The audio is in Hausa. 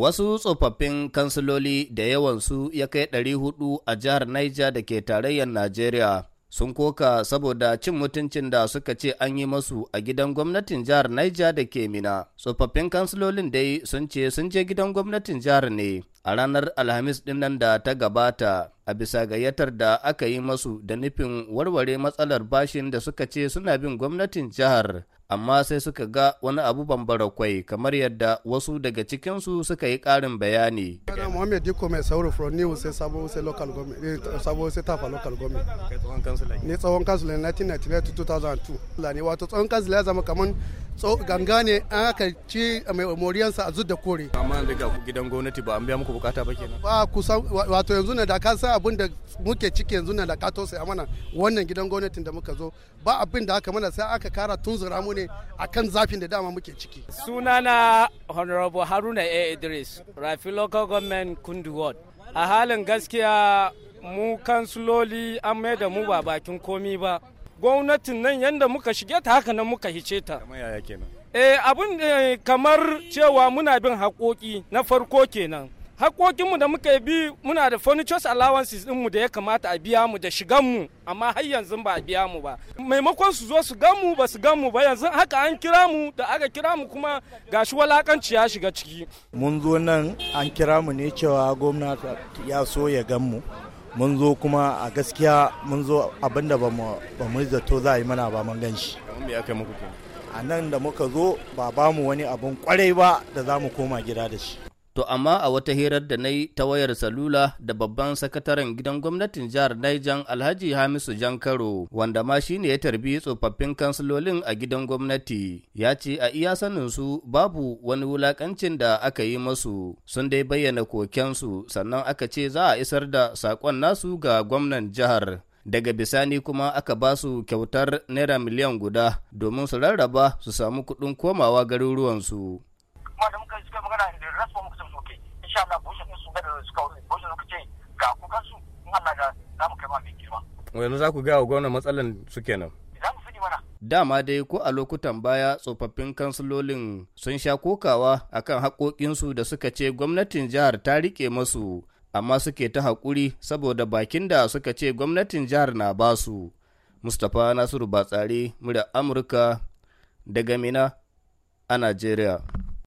Wasu tsofaffin kansiloli da yawansu ya kai ɗari hudu a jihar Niger da ke tarayyar Najeriya sun koka saboda cin mutuncin da suka ce an yi masu a gidan gwamnatin jihar Niger da ke Mina. Tsofaffin kansilolin dai sun ce sun je gidan gwamnatin jihar ne a ranar Alhamis ɗin da ta gabata a bisa gayyatar da aka yi masu da nufin warware matsalar bashin da suka ce suna bin gwamnatin jihar. Amma sai suka ga wani abu bambara kwai kamar yadda wasu daga cikinsu suka yi karin bayani. Ana Muhammad Diko mai sauri from New sai sabo sai local government, eh, sabo sai tafa local government. Ni tsohon kansula ne 1999 to 2002. Lani wato tsohon kansula ya zama kamar ganga ne an aka ci mai moriyansa a zud da kore amma daga gidan gwamnati ba an biya muku bukata ba kenan ba kusan wato yanzu ne da ka san abin da muke ciki yanzu ne da ka a mana wannan gidan gwamnatin da muka zo ba abin da aka mana sai aka kara tunzura mu ne akan zafin da dama muke ciki sunana honorable haruna a idris rafi local government kundu ward a halin gaskiya mu kansuloli an mai da mu ba bakin komi ba gwamnatin nan yadda muka shige ta haka nan muka hice ta eh abin eh, kamar cewa muna bin haƙoƙi na farko kenan haƙoƙinmu da muka bi muna da furnitures allowances ɗinmu da ya kamata a biya mu da shiganmu amma har yanzu ba a biya mu ba maimakon su zo su ganmu ba su mu ba yanzu haka an kira mu da aka kira mu kuma gashi walakanci ya shiga ciki mun zo nan an kira mu ne cewa gwamnati ya so ya gan mu. mun zo kuma a gaskiya mun zo abinda ba mu zato za a yi mana ba mun gan shi a nan da muka zo ba ba mu wani abun kwarai ba da za mu koma gida da shi To amma a wata hirar da na yi ta wayar salula da babban sakataren gidan gwamnatin jihar Niger Alhaji Hamisu Jankaro wanda ma shi ya tarbi tsofaffin kansilolin a gidan gwamnati ya ce a iya sanin su babu wani wulakancin da aka yi masu sun dai bayyana kokensu sannan aka ce za a isar da saƙon nasu ga gwamnan jihar. daga bisani kuma aka ba su kyautar naira miliyan guda domin su rarraba su samu kuɗin komawa garuruwansu. insha da za ma ku gaya wa gwamnan matsalan su kenan za mu fidi mana dama dai ko a lokutan baya tsofaffin kansilolin sun sha kokawa akan haƙoƙinsu da suka ce gwamnatin jihar ta riƙe masu amma suke ta haƙuri saboda bakin da suka ce gwamnatin jihar na basu mustapha nasiru batsari murya amurka daga mina a najeriya